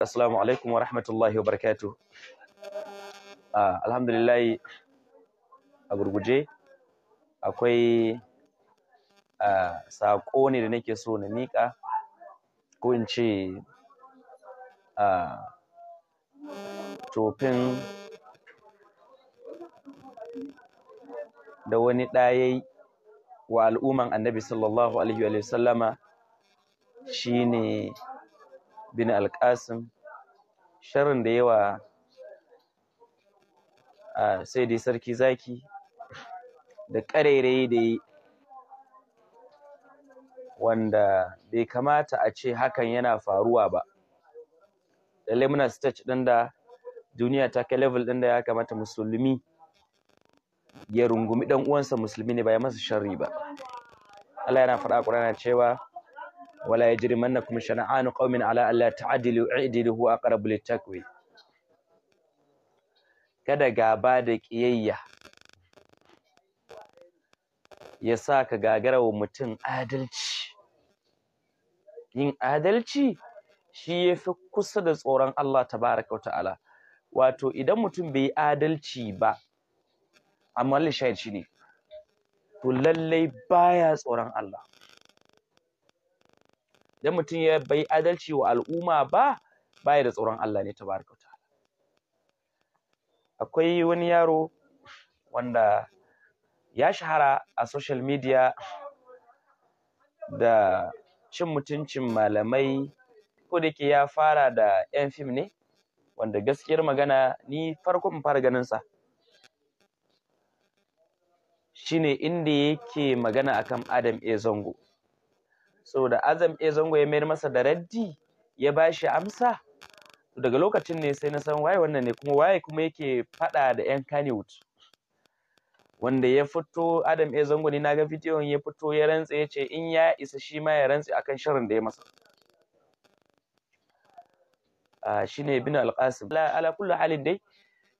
Assalamu alaikum wa rahmatullahi wa barakatuh. Uh, a gurguje akwai uh, saƙo ne da nake so na miƙa ko in ce ah, tofin da wani ɗaya wa al'umman annabi sallallahu alaihi wa sallama shi ne bin alƙasim sharrin da yawa a sai dai sarki zaki da ƙarairayi da yi wanda bai kamata a ce hakan yana faruwa ba lallai muna stage ɗin da duniya ta kai level ɗin da ya kamata musulmi ya rungumi ɗan uwansa musulmi ne ba ya masa sharri ba Allah yana faɗa a Qur'ani cewa wala yajrimannakum shana'anu qaumin ala alla ta'dilu i'dilu huwa aqrabu littaqwi kada gaba da kiyayya ya sa ka gagarawa mutum adalci yin adalci shi ya fi kusa da tsoron Allah tabaraka wa ta'ala wato idan mutum bai yi adalci ba amma lishayar shi ne to lallai baya tsoron Allah idan mutum ya bai adalci wa al'umma ba baya da tsoron Allah ne tabaraka ta'ala akwai wani yaro wanda ya shahara a social media da cin mutuncin malamai ko da yake ya fara da yan fim ne wanda gaskiyar magana ni farkon fara ganin sa shine inda yake magana akan Adam A Zango Sau da azam e zango ya mayar masa da raddi ya ba shi amsa daga lokacin ne sai na san waye wannan ne kuma waye kuma yake faɗa da yan Kannywood. wanda ya fito adam e zango ne na ga bidiyon ya fito ya rantse ya ce in ya isa shi ma ya rantse akan shirin da ya masa A ah, shine ibn al-qasim ala kullu halin dai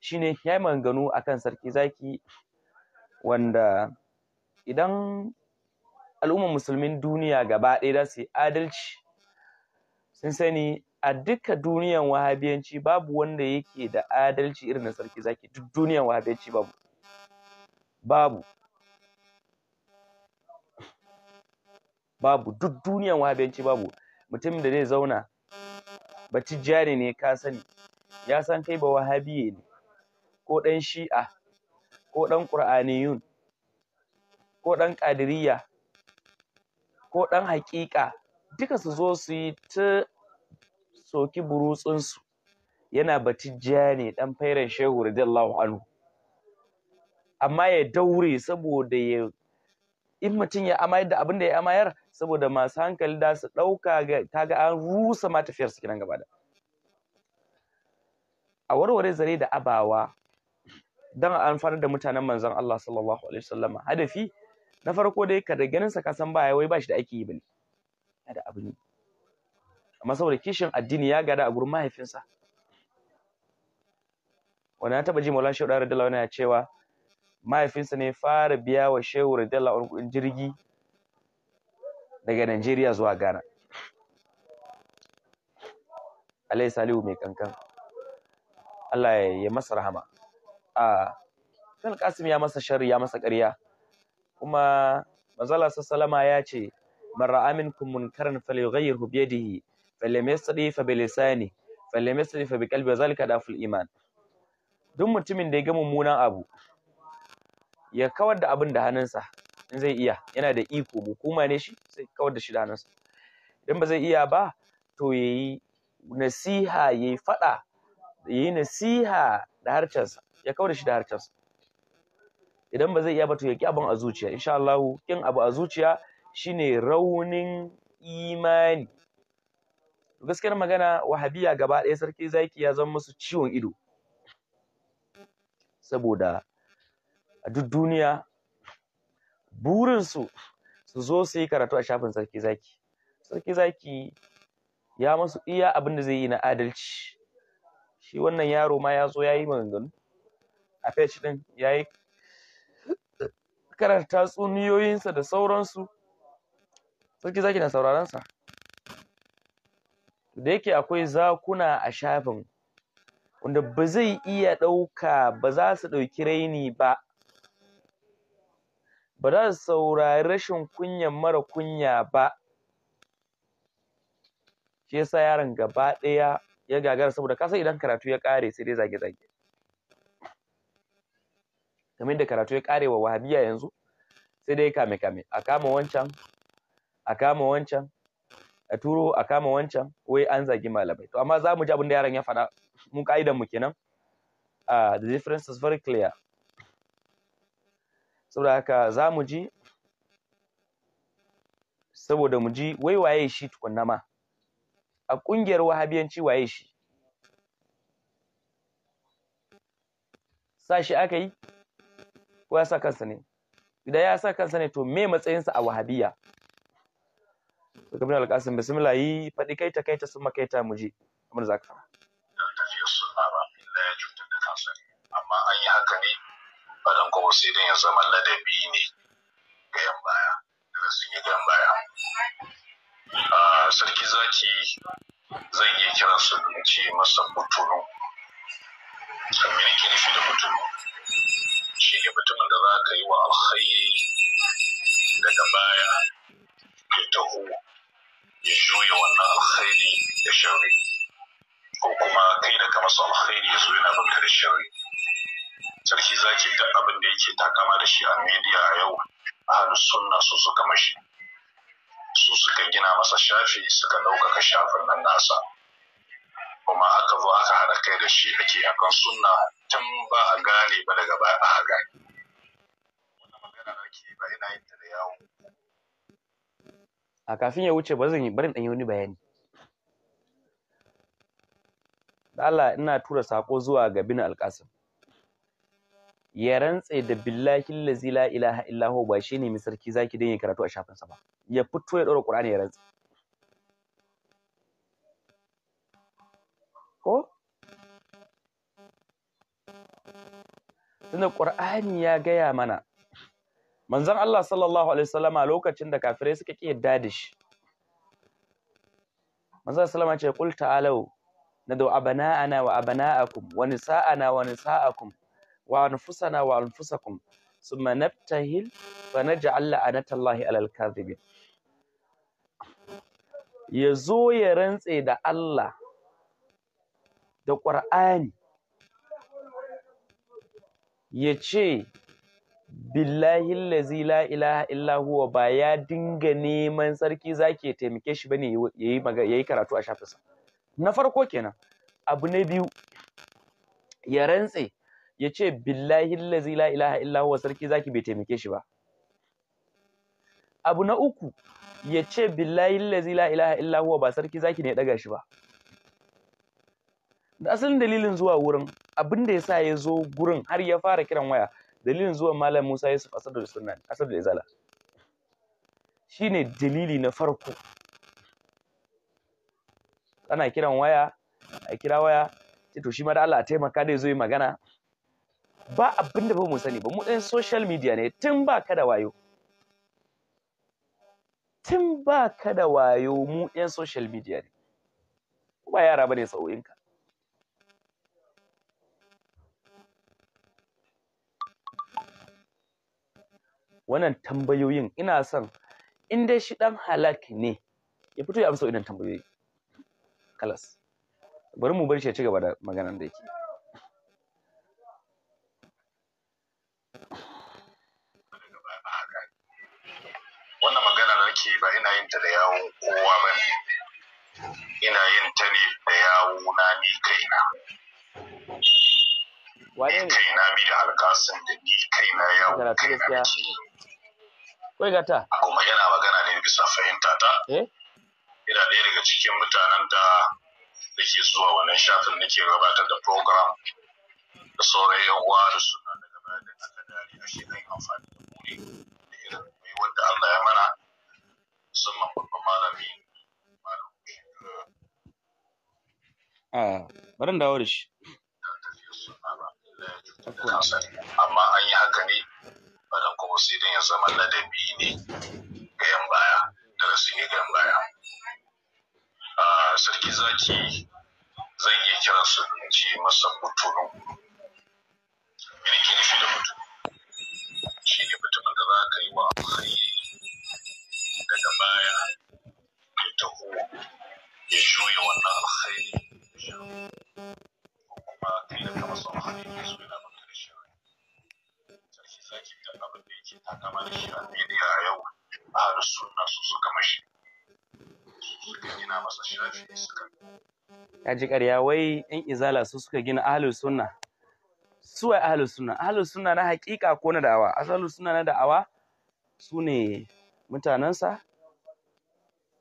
shine ya yi maganganu akan sarki zaki wanda idan al'ummar musulmin duniya gaba ɗaya za su adalci sun sani a duka duniyan wahabiyanci babu wanda yake da adalci irin na sarki zaki duk duniyan wahabiyanci babu babu babu duk duniyan wahabiyanci babu mutum da zai zauna jari ne ka sani ya san kai ba wahabiye ne ko ɗan shi'a ko ɗan ƙur'aniyun ko ɗan ƙadiriyya. ko ɗan haƙiƙa duka su zo su yi ta soki burutsunsu yana batijjiya ne ɗan fairan shehu radiyallahu anhu amma ya daure saboda ya in mutum ya amayar da abin da ya amayar saboda masu hankali da su ɗauka ga kaga an rusa ma tafiyar su kinan gaba da a warware zare da abawa dan an farar da mutanen manzon Allah sallallahu alaihi wasallama hadafi na farko dai ka ganin sa ka san ba wai ba shi da aiki yi bane yana da abu ne. amma saboda kishin addini ya gada a gurin mahaifinsa wani ya taba ji maulana shehu radiyallahu anhu ya cewa mahaifinsa ne fara biya wa shehu dalla wani kuɗin jirgi daga Najeriya zuwa Ghana Alayhi Salihu mai kankan Allah ya masa rahama a ah, Kan Kasim ya masa sharri ya masa ƙarya kuma manzala sallama ya ce man karan minkum munkaran falyughayyirhu bi yadihi falyamsadi fa bi lisani falyamsadi fa bi qalbi zalika daful iman duk mutumin da ya ga mummunan abu ya kawar da abin da hannunsa in zai iya yana da iko hukuma ne shi sai kawar da shi da hannunsa idan ba zai iya ba to ya yi nasiha ya faɗa, fada yi nasiha da harcensa ya kawar da shi da harcensa idan ba zai iya ba to ya ki abin a zuciya insha Allah kin abu a zuciya shine raunin imani gaskiyar magana wahabiya gaba ɗaya sarki zaki ya zama musu ciwon ido saboda a duk duniya burinsu su zo su yi karatu a shafin sarki zaki sarki zaki ya masu iya abin da zai yi na adalci shi wannan yaro ma ya zo ya yi maganganu a page ɗin ya yi karanta tatsuniyoyinsa da sauransu sarki zaki na saurarensa da yake akwai zakuna a shafin wanda ba zai iya ɗauka ba za su ɗauki raini ba ba za su saurari rashin kunyan mara kunya ba shi yasa yaron gaba ɗaya ya gagara saboda kasa idan karatu ya ƙare sai dai zage-zage kamar yadda karatu ya karewa wahabiya yanzu sai dai kame kame a kama wancan a kama wancan a turo a kama wancan wai an zagi malamai to amma za mu ji abin da yaron ya faɗa mun ka'idan mu kenan uh, the difference is very clear saboda haka za mu ji saboda mu ji wai waye shi tukunna ma a ƙungiyar wahabiyanci waye shi sa shi aka yi ko ya sa kansa ne idan ya sa kansa ne to me matsayinsa a wahabiya kabin Alkasim bismillah yi faɗi kai ta kai ta sun makaita mu je abin za ka fara. sunna ba illa ya cutar da kansa amma an yi haka ne ba don kuma sai dan ya zama ladabi ne ga yan baya daga sun yi ga yan baya. Sarki zaki zan iya kiransu, su ce masa mutunu. Sannan yake nufi da mutunu. shi ne mutumin da za ka yi wa alkhairi daga baya ya taho ya juya wannan alkhairi da shari ko kuma kai da ka masa alkhairi ya zo yana banka da shari sarki zaki ga abin da yake takama da shi a media a yau a ahalus sunna su suka mashi su suka gina masa shafi suka ɗaukaka shafin nan nasa kuma aka zo aka haɗa kai da shi ake akan sunna tun ba a gane ba daga baya a gane wannan magana da ake ba ina yin ta da yawo a kafin ya wuce ba zan yi barin ɗanyi wani bayani da Allah ina tura sako zuwa ga bin alƙasim ya rantse da billahi lazi la ilaha illahu ba ne mai sarki zaki don ya karatu a shafinsa ba ya fito ya ɗora ƙur'ani ya rantse ko tunda ƙur'ani ya gaya mana manzon Allah sallallahu alaihi wasallama lokacin da kafirai suka ki yadda da shi manzon sallama ce na, ta'alu nadu ana wa abana'akum wa nisa'ana wa nisa'akum wa anfusana wa anfusakum thumma nabtahil fa naj'al la'anatallahi 'alal kadhibin yazo ya rantse da Allah da ƙwar'ani ya ce billahi lazi la ilaha illa huwa ba ya dinga neman sarki zaki ya taimake shi bane ya yi karatu a shafinsa na farko kenan abu na biyu ya rantse ya ce billahi lazi la ilaha illa huwa sarki zaki bai taimake shi ba abu na uku ya ce billahi lazi la ilaha illa huwa ba sarki zaki ne ya ɗaga shi ba da asalin dalilin zuwa wurin abin da sa ya zo gurin har ya fara kiran waya dalilin zuwa malam Musa Yusuf Asadu da Sunna Asadu da Izala shine dalili na farko ana kiran waya a kira waya sai to shi ma da Allah a taimaka ya zo yi magana ba abin da ba mu sani ba mu ɗan social media ne tun ba ka da wayo tun ba ka da wayo mu ɗan social media ne ba yara ba ne sau'inka wannan tambayoyin ina son in dai shi dan halak ne ya fito ya amsa wannan tambayoyi kalas bari mu bar shi ya ci gaba da maganan da yake wannan magana da nake ba ina yin ta da yawon kowa ba ne ina yin ta ne da yawo na ni kaina ni kaina mi da alkasin da ni kaina yawo kaina ce Wai gata. Kuma yana magana ne bisa fahimta ta. Eh? Ina ɗaya daga cikin mutanen da nake ke zuwa wannan shafin da ke gabatar da program da sauran yan uwa da suna daga baya da aka dare a shi ɗan amfani da muri da irin mai wanda Allah ya mana musamman babban malami Ah, bari dawo da shi. Amma an yi haka ne wannan kuma sai dai ya zama ladabi ne ga yan baya daga sun ga yan baya sarki zaki zan iya kiran su ce masa kuturu me nake nufi da kuturu shi ne mutumin da za ka yi wa alkhairi daga baya ya taho ya juya wannan alkhairi kuma kai da kama son alkhairi ya yana A kamar shi ɗan bidiya a yau ahalus sunna su suka mashi suka gina masa shafi suka ya ji ƙarya wai yan izala su suka gina ahalus sunna su wai ahalus sunna ahalus sunna na haƙiƙa ko na da'awa asalus sunna na da'awa su ne mutanensa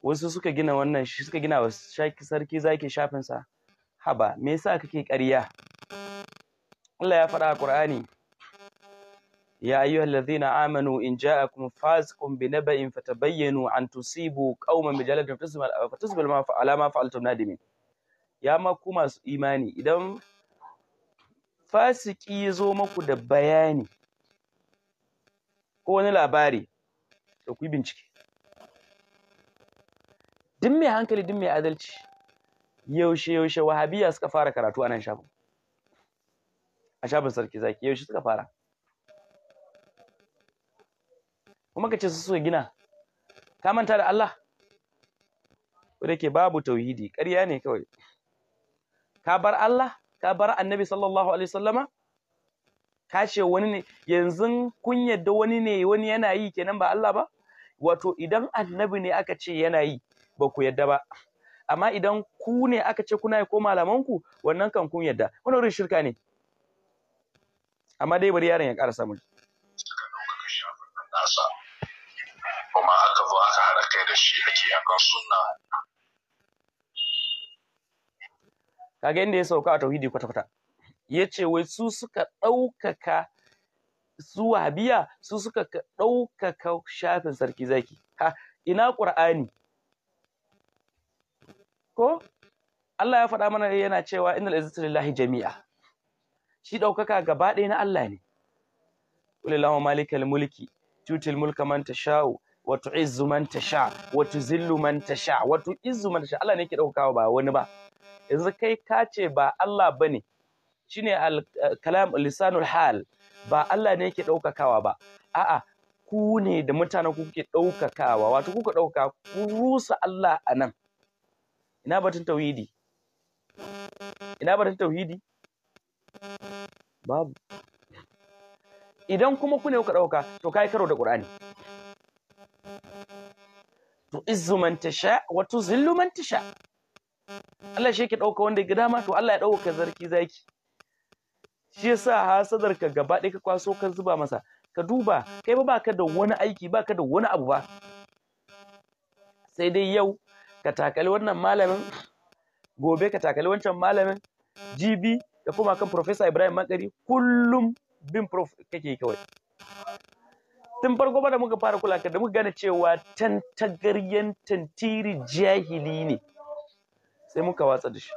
wasu suka gina wannan shi suka gina wa sarki zaki shafinsa haba me yasa kake ƙarya Allah ya faɗa a Qur'ani يا أيها الذين آمنوا إن جاءكم فاسق بنبأ فتبينوا أن تصيبوا قوما بجلد فتصبحوا على ما فعلتم نادمين يا ما كما إيماني إذا fasiki ya zo maku da bayani ko wani labari da ku yi bincike duk mai hankali duk mai adalci yaushe yaushe wahabiya suka fara karatu a nan shafin a shafin sarki zaki yaushe suka fara kuma ka ce su suka gina ka manta da Allah ko dake babu tauhidi ƙarya ne kawai ka bar Allah ka bar annabi sallallahu alaihi wasallama ka ce wani ne yanzu kun yadda wani ne wani yana yi kenan ba Allah ba wato idan annabi ne aka ce yana yi ba ku yadda ba amma idan ku ne aka ce kuna yi ko malamanku wannan kan kun yadda wannan rin shirka ne amma dai bari yaron ya ƙara samun Thank you. shafin kuma aka zo aka haɗa kai da shi ake yakan suna kaga inda ya sauka a tauhidi kwata-kwata ya ce wai su suka ɗaukaka su wahabiya su suka ɗaukaka shafin sarki zaki ha ina ƙur'ani ko Allah ya faɗa mana yana cewa innal izzatu lillahi jami'a shi ɗaukaka gaba ɗaya na Allah ne qul malikal mulki tutil mulka manta tasha'u Watu tu'izzu man tasha watu zilluman man tasha watu tu'izzu man tasha Allah ne yake daukawa ba wani ba yanzu kai ka ce ba Allah bane shine al-kalam eh, lisanul hal ba Allah ne yake daukakawa ba a'a ku ne da mutanen ku kuke daukakawa wato kuka dauka ku rusa Allah anan ina batun tauhidi ina batun tauhidi babu idan kuma ku ne kuka dauka to kai karo da Qur'ani tu'izzu man tasha wa tuzillu man tasha Allah shi yake dauka wanda ya dama to Allah ya dauka zarki zaki shi yasa hasadar ka gaba ɗaya ka kwaso ka zuba masa ka duba kai ba baka da wani aiki baka da wani abu ba sai dai yau ka takali wannan malamin gobe ka takali wancan malamin GB da kuma kan Professor Ibrahim Makari kullum bin prof kake kawai tun farko ba da muka fara kula ka da muka gane cewa tantagaryen tantiri jahili ne sai muka watsa da shi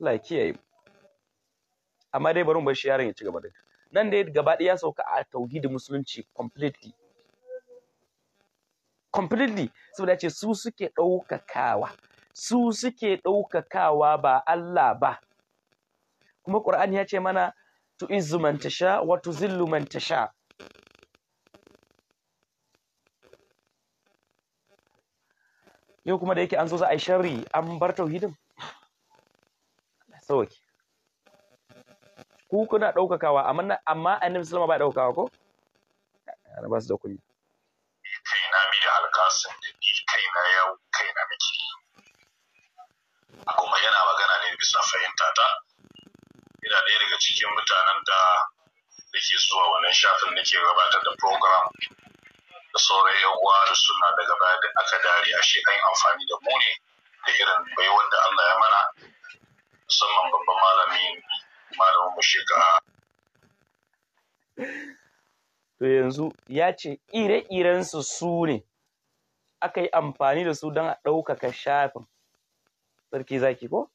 Allah yayi amma dai bari mu bar shi yaron ya ci gaba da nan dai gaba ɗaya ya sauka a tauhidin musulunci completely completely saboda ce su suke ɗaukakawa su suke ɗaukakawa ba Allah ba kuma Qur'ani ya ce mana tu'izzu man tasha wa tuzillu man tasha yau kuma da yake an zo za a yi sharri an bar tauhidin sauki ku kuna ɗaukakawa amma annabi sallama ba ɗaukakawa ko ba su da kunya shafin da ke gabatar da program da sauran yan uwa da suna daga baya da aka dare a shi an amfani da mu ne da irin bai wanda Allah ya mana musamman babban malami malamin mu shekara to yanzu ya ce ire-irensu su ne aka yi amfani da su don a ɗaukaka shafin sarki zaki ko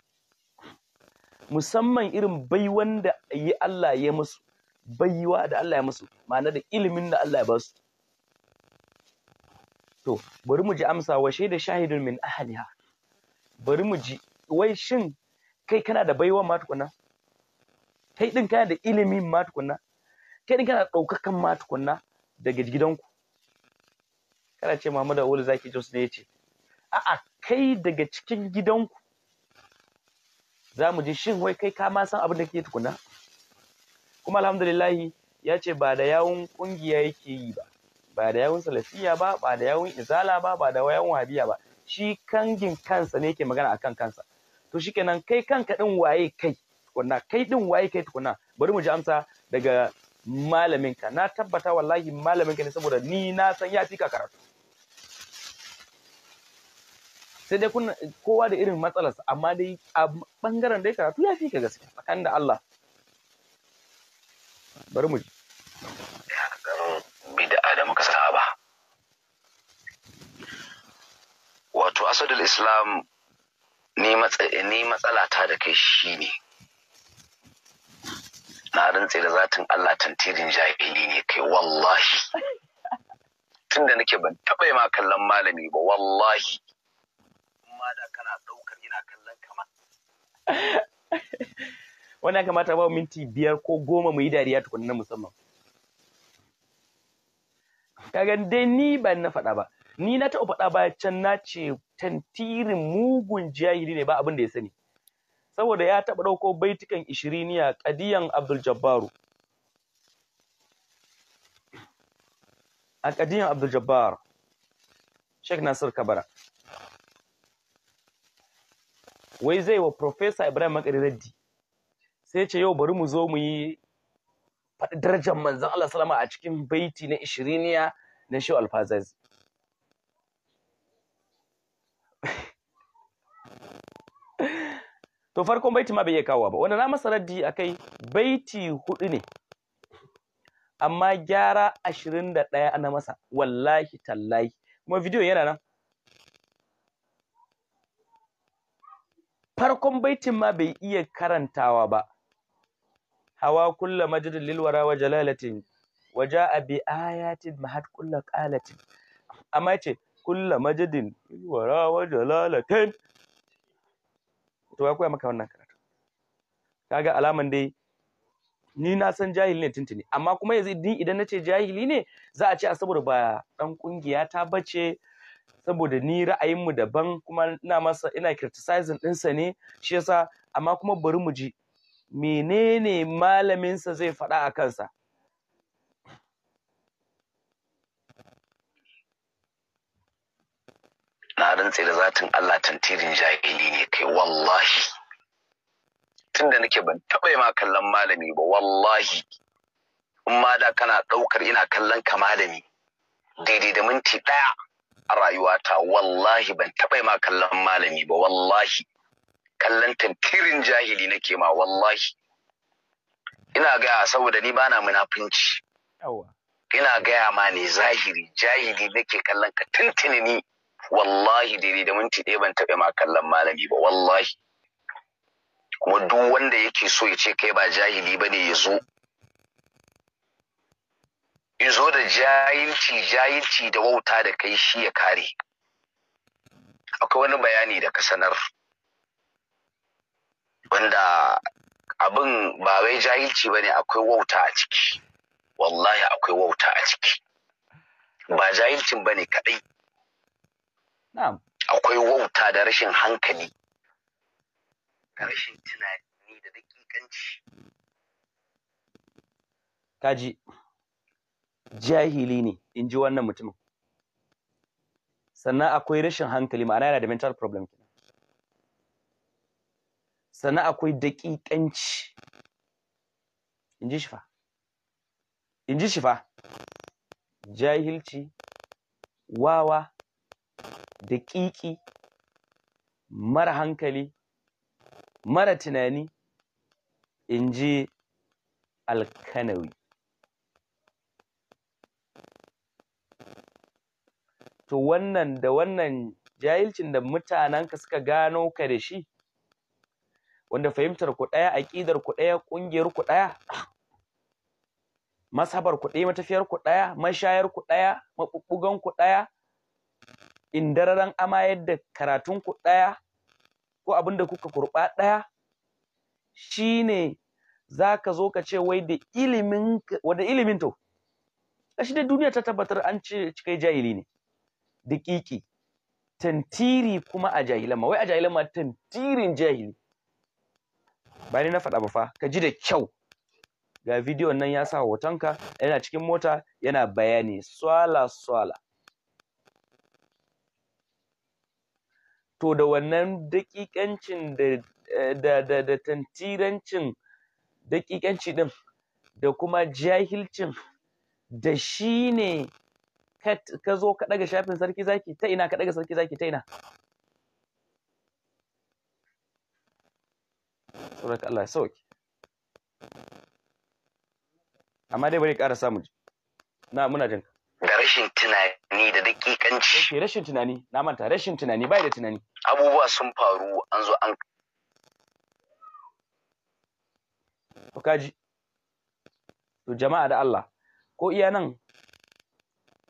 musamman irin bai wanda yi Allah ya musu baiwa da Allah ya musu ma'ana da ilimin da Allah ya ba su to bari mu ji amsa wa shaida shahidun min ahliha bari mu ji wai shin kai kana da baiwa ma tukunna kai din kana da ilimin ma tukunna kai din kana daukakan ma tukunna daga gidanku kana ce Muhammadu Awolu Zaki Jos ne yace a'a kai daga cikin gidanku za mu ji shin wai kai ka ma san abin da kake tukunna kuma alhamdulillahi ya ce ba da yawun kungiya yake yi ba ba da yawun salafiya ba ba da yawun izala ba ba da yawun wahabiya ba shi kangin kansa ne yake magana akan kansa to shikenan kai kanka din waye kai tukunna kai din waye kai tukuna bari mu ji amsa daga malaminka na tabbata wallahi malaminka ne saboda ni na san ya fika karatu sai dai kowa da irin matsalarsa amma dai a bangaren dai karatu ya ka gaskiya tsakanin da Allah bari mu bid'a da muka saba wato asadul islam ni matsala ta da kai shi ne. na rantse da zatin Allah tantirin jahili ne kai wallahi tunda nake ban taɓa yi ma kallon malami ba wallahi ma da kana ɗaukar ina kallon kama ya kamata ba minti biyar ko goma mu yi dariya tukuna na musamman kaga dai ni ba na faɗa ba ni na taɓa faɗa ba can na ce tantirin mugun jahili ne ba abin da ya sani saboda ya taɓa ɗauko baitukan ishiriniya ƙadiyan abdul jabbaru a ƙadiyan abdul jabbar sheikh nasir kabara wai zai wa profesa ibrahim makari sai ce yau bari mu zo mu yi faɗi darajar manzon Allah sallama a cikin baiti na ishiriniya na shi alfazazi to farkon baiti ma bai iya kawo ba Wani na masa raddi akai baiti hudu ne amma gyara ashirin da ɗaya ana masa wallahi tallahi kuma bidiyon yana nan farkon baitin ma bai iya karantawa ba hawa kulla مجد lil wara وجاء بآيات مهد كل bi أما mahat kulla مجد amma yace kulla majdin lil wara wa jalalatin to koya maka wannan karatu alaman dai ni na san jahili ne tuntuni amma kuma yanzu idan nace jahili ne za a ce a saboda ba dan kungiya ta bace saboda ni ra'ayinmu daban kuma ina masa ina criticizing ɗinsa ne shi yasa amma kuma bari mu ji menene malaminsa zai faɗa a kansa na rantse da zatin Allah tantirin jahili ne kai wallahi tunda nake ban taɓa ma kallon malami ba wallahi in ma da kana ɗaukar ina kallon ka malami daidai da minti ɗaya a rayuwata wallahi ban taɓa ma kallon malami ba wallahi kallon tantirin jahili nake ma wallahi ina gaya saboda ni bana munafunci ina gaya ma ne zahiri jahili nake kallon ka tuntuni ni wallahi daidai da minti ɗaya ban taɓa ma kallon malami ba wallahi kuma duk wanda yake so ya ce kai ba jahili ba ne ya zo ya zo da jahilci jahilci da wauta da kai shi ya kare akwai wani bayani da ka sanar wanda abin ba wai jahilci ba ne akwai wauta a ciki wallahi akwai wauta a ciki ba jahilcin ba ne kaɗai akwai wauta da rashin hankali da rashin tunani da dakikanci kaji jahili ne in ji wannan mutumin sannan akwai rashin hankali ma'ana yana da mental problem sannan akwai daƙiƙanci in ji shi fa in shi fa jahilci wawa daƙiƙi mara hankali mara tunani in ji alkanawi to wannan da wannan jahilcin da mutanenka suka gano ka da shi wanda fahimtar ku ɗaya aƙidar ku ɗaya ƙungiyar ku ɗaya masabar ku ɗaya matafiyar ku ɗaya mashayar ku ɗaya maɓuɓɓugan ku ɗaya indararan amayar da karatun ku ɗaya ko abin da kuka kurɓa ɗaya shine ka zo ka ce wai da ilimin wanda ilimin to kashi da duniya ta tabbatar an ce cikai jahili ne Da ƙiƙi, tantiri kuma a jahilan ma wai a jahilan ma tantirin jahili ba ni na faɗa ba fa ka ji da kyau ga bidiyon nan ya sa hotonka yana cikin mota yana bayani swala swala to da wannan dakikancin eh, da da da tantirancin dakikanci din da kuma jahilcin da shi ne ka zo ka ɗaga shafin sarki zaki ta ina ka ɗaga sarki zaki ta ina tsoron Allah ya sauke amma dai bari ƙara samu ji na muna jin da rashin tunani da dakikanci Ke eh, rashin tunani na manta rashin tunani bai da tunani abubuwa sun faru an zo an to kaji to jama'a da Allah ko iya nan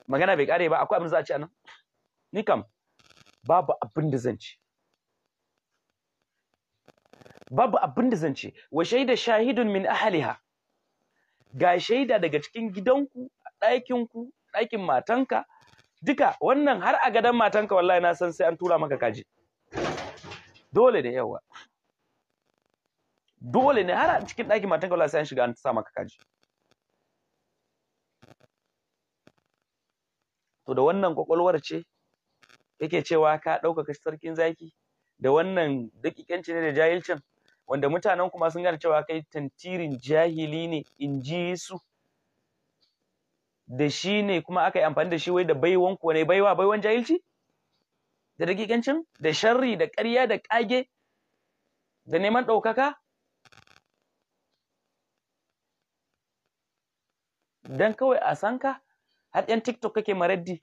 magana bai kare ba akwai abin da za a ci anan ni kam babu abin da zan ci babu abin da zan ce wa shaida shahidun min ahliha ga shaida daga cikin gidanku ɗakinku ɗakin matanka duka wannan har a gadon matanka wallahi na san sai an tura maka kaji dole da yawa dole ne har a cikin ɗakin matanka wallahi sai an shiga an sa maka kaji to da wannan kwakwalwar ce yake cewa ka ɗaukaka sarkin zaki da wannan dakikanci ne da jahilcin wanda mutanen kuma sun gane cewa kai tantirin jahili ne in ji su da shi ne kuma aka yi amfani da shi wai da baiwan ku ne baiwa baiwan jahilci da dakikancin da sharri da ƙarya da ƙage da neman ɗaukaka dan kawai a san ka har yan tiktok kake maraddi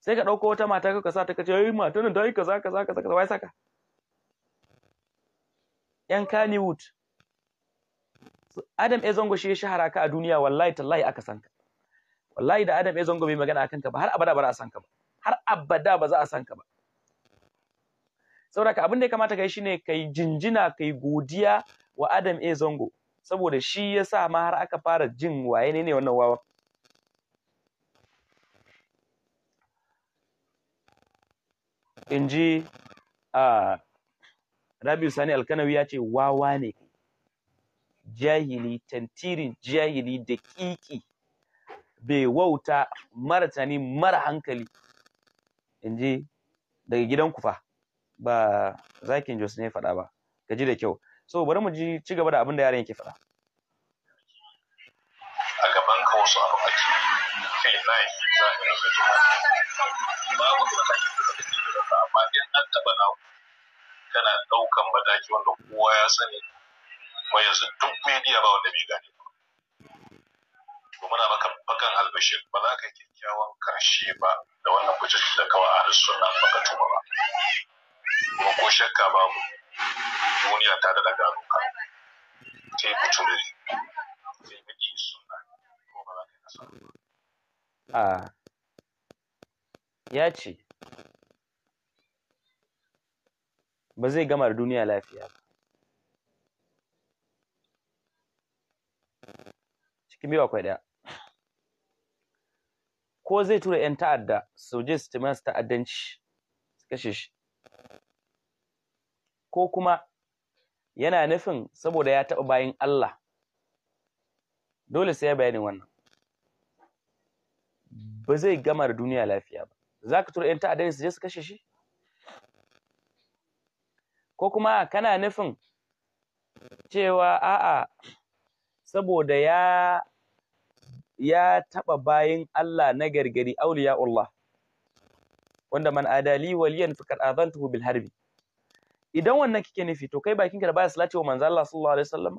sai ka ɗauko wata mata ka sa ta kace ai mata nan ta yi kaza kaza kaza kaza wai saka 'yan Kannywood. Adam A. Zango shi ya shahara ka a duniya wallahi tallahi aka san ka. Wallahi da Adam A. Zango bai magana akan ka ba har abada ba za a san ka ba. Har abada ba za a san ka ba. Saboda abin da ya kamata kai shine kai jinjina kai godiya wa Adam A. Zango saboda shi ya sa ma har aka fara jin waye ne ne wannan wawan. In ji uh, Rabi sani alkanawi ya ce wawa ne jahili tantirin jahili da ƙiƙi bai wauta mara tani mara hankali in ji daga gidan kufa ba zakin jos ne faɗa ba ka ji da kyau so bari mu ji ci gaba da abin da yaran yake faɗa a gaban ka wasu abu ake kai nai za ka yi babu matakin da kake da amma in an taɓa na tana ɗaukan mataki wanda kowa ya sani kuma yanzu duk media ba wanda bai gane ba to muna maka bakan albashir ba za ka kyakkyawan karshe ba da wannan hujjaji da kawai a sunna baka tuma ba kuma ko shakka babu duniya ta da daga ruka sai ta sai baki suna, ko ba za ka yi nasara ah, ya ce ba zai gama da duniya lafiya ba cikin biyu akwai ɗaya ko zai tura 'yan ta'adda su je su taimaka su ta'addanci su kashe shi ko kuma yana nufin saboda ya taɓa bayan Allah dole sai ya bayani wannan ba zai gama da duniya lafiya ba za ka tura 'yan ta’addanci su je su kashe shi ko kuma kana nufin cewa a'a saboda ya ya taɓa bayin Allah na gargari Allah wanda man adali waliyan fakar azantuhu bil harbi idan wannan kike nufi to kai bakin ka da baya salati wa manzo Allah sallallahu alaihi wasallam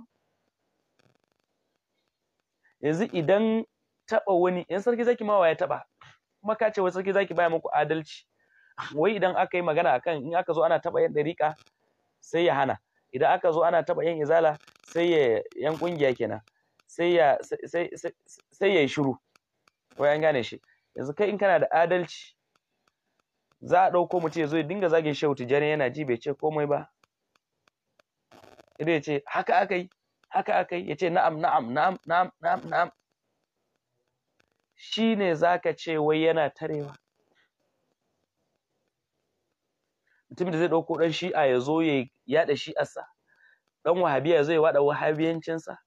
yanzu idan taɓa wani in sarki zaki ma waya taɓa kuma ka ce wai sarki zaki baya muku adalci wai idan aka yi magana akan in aka zo ana taɓa yan dariƙa sai ya hana idan aka zo ana taba yan izala sai ya yan kungiya kenan sai ya sai sai ya shiru wai an gane shi yanzu kai in kana da adalci za a ɗauko mutum ya zo ya dinga zagin shehu tijjani yana ji bai ce komai ba idan ya ce haka akai, haka akai. ya ce na'am na'am na'am na'am na'am na'am shi ne za ka ce wai yana tarewa mutumin da zai ɗauko ɗan shi'a ya zo ya yaɗa shi'arsa ɗan wahabiya ya zo ya waɗa wahabiyancinsa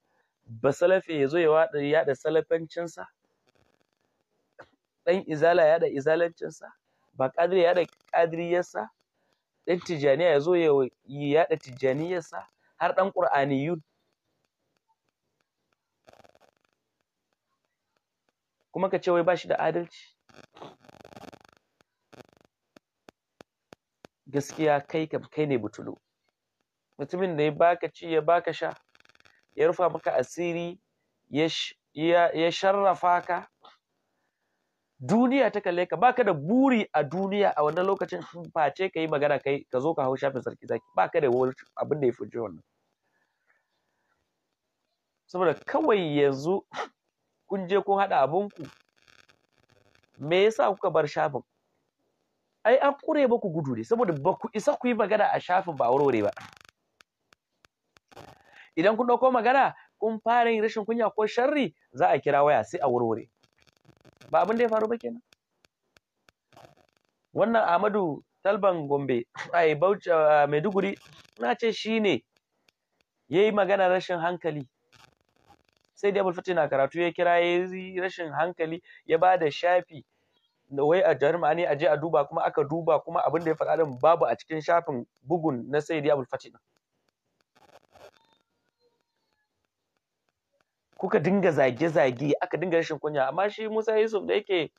basalafe ya zo ya waɗa yaɗa salafancinsa ɗan izala ya yaɗa izalancinsa ba ƙadiri ya yaɗa ƙadiriyarsa ɗan tijjaniya ya zo ya yaɗa tijjaniyarsa har ɗan ƙur'aniyun kuma ka ce wai ba shi da adalci gaskiya kai kam kai ne butulu mutumin da ya baka ci ya baka sha ya rufa maka asiri ya sharrafa ka duniya ta kalle ka baka da buri a duniya a wannan lokacin hmm, face ka yi magana kai ka zo ka hau shafin sarki zaki baka da wani abin da ya fi wannan saboda kawai yanzu hmm, kun je kun haɗa abinku me yasa kuka bar shafin ai an kure ba ku gudu ne saboda ba ku isa ku yi magana a shafin ba warware ba idan kun ɗauko magana kun fara yin rashin kunya ko sharri za a kira waya sai a warware ba abin da ya faru ba kenan wannan Ahmadu Talban Gombe ai Bauchi ah, Maiduguri na ce shine yayi magana rashin hankali sai dai Abulfati na karatu ya kira yayi rashin hankali ya ba da shafi wai a jarma ne a je a duba kuma aka duba kuma abin da ya faɗa din babu a cikin shafin bugun na sayyidi abul fati din kuka dinga zage-zage aka dinga rashin kunya amma shi Musa Yusuf da yake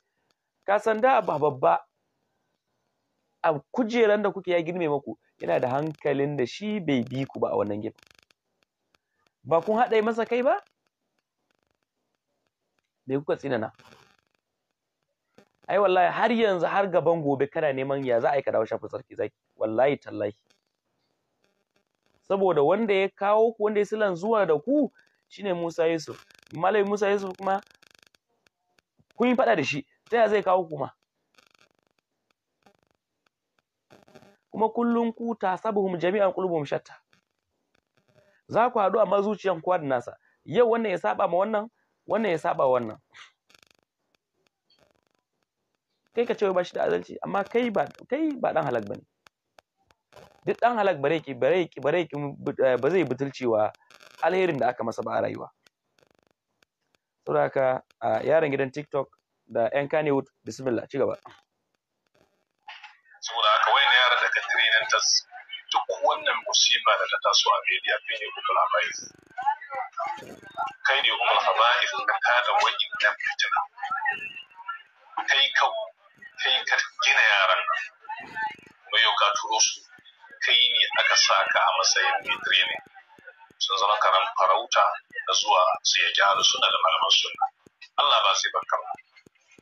ka san da ba babba a kujeran da kuke ya girme maku yana da hankalin da shi bai bi ku ba a wannan gefe ba kun haɗa masa kai ba me kuka tsinana ai wallahi har yanzu har gaban gobe kana neman ya za a yi ka dawo shafin sarki zaki wallahi tallahi saboda wanda ya kawo ku wanda ya silan zuwa da ku shine Musa Yusuf Malai Musa Yusuf kuma kun yi faɗa da shi ta ya zai kawo kuma kuma kullum ku ta sabuhum jami'an qulubuhum shatta za ku haɗu amma zuciyan kowa da nasa yau wannan ya saba ma wannan wannan ya saba wannan kai ka ce ba shi da azanci amma kai ba kai ba dan halak bane duk dan halak bare ki bare ki bare ki eh, ba zai butulcewa alherin da aka masa ba a rayuwa saboda haka yaron gidan TikTok da yan Kanewood bismillah ci gaba saboda haka wayan yaran da ka nan tas duk wannan musiba da ta taso a media kai ne kuma labari kai ne kuma labari ka tada wajen nan fitina kai ka kai ka gina yaran mai ka turo su kai ne aka saka a matsayin mai training sun zama karan farauta na zuwa su ya gyara suna da malaman suna Allah ba sai baka ba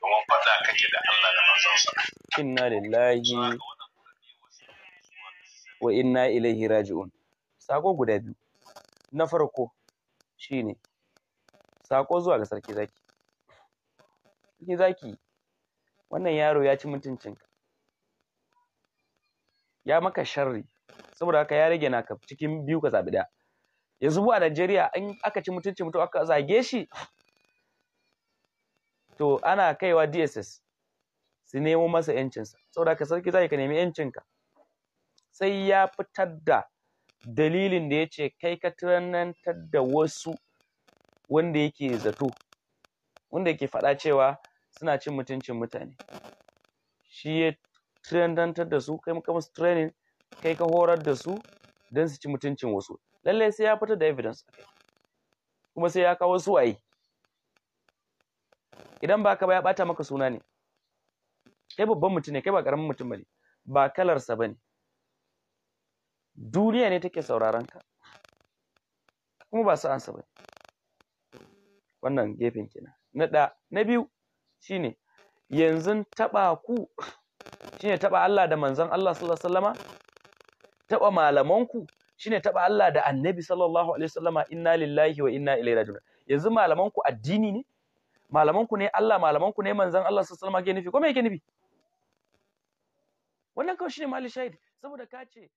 domin faɗa kake da Allah da manzansa inna lillahi wa inna ilaihi raji'un sako guda biyu na farko shine sako zuwa ga sarki zaki sarki zaki wannan yaro ya ci mutuncinka ya maka sharri saboda haka ya rage naka cikin biyu ka zaɓi ɗaya yanzu mu a Najeriya in aka ci mutuncin mutum aka zage shi to ana kaiwa DSS su nemo masa yancinsa saboda haka sarki zai ka nemi yancinka sai ya fitar da dalilin da ya ce kai ka tunantar da wasu wanda yake zato wanda yake faɗa cewa suna cin mutuncin mutane shi ya trendantar da su kai maka musu training kai ka horar da su don su ci mutuncin wasu lallai sai ya fitar da evidence kai. kuma sai ya kawo su waye idan ba ka ba ya bata maka suna ne kai babban mutum ne kai ba karamin mutum bane ba kalarsa bane duniya ne take sauraron ka kuma ba su ansa bane wannan gefen kenan na da na biyu shine yanzu taɓa ku shine taɓa Allah da manzon Allah sallallahu alaihi wasallama taɓa malaman ku shine taɓa Allah da annabi sallallahu alaihi wasallama inna lillahi wa inna ilaihi raji'un yanzu malaman ku addini ne malaman ku ne Allah malaman ku ne manzon Allah sallallahu alaihi wasallama ke nufi ko me yake nufi wannan kawai shine mali shahid saboda ka ce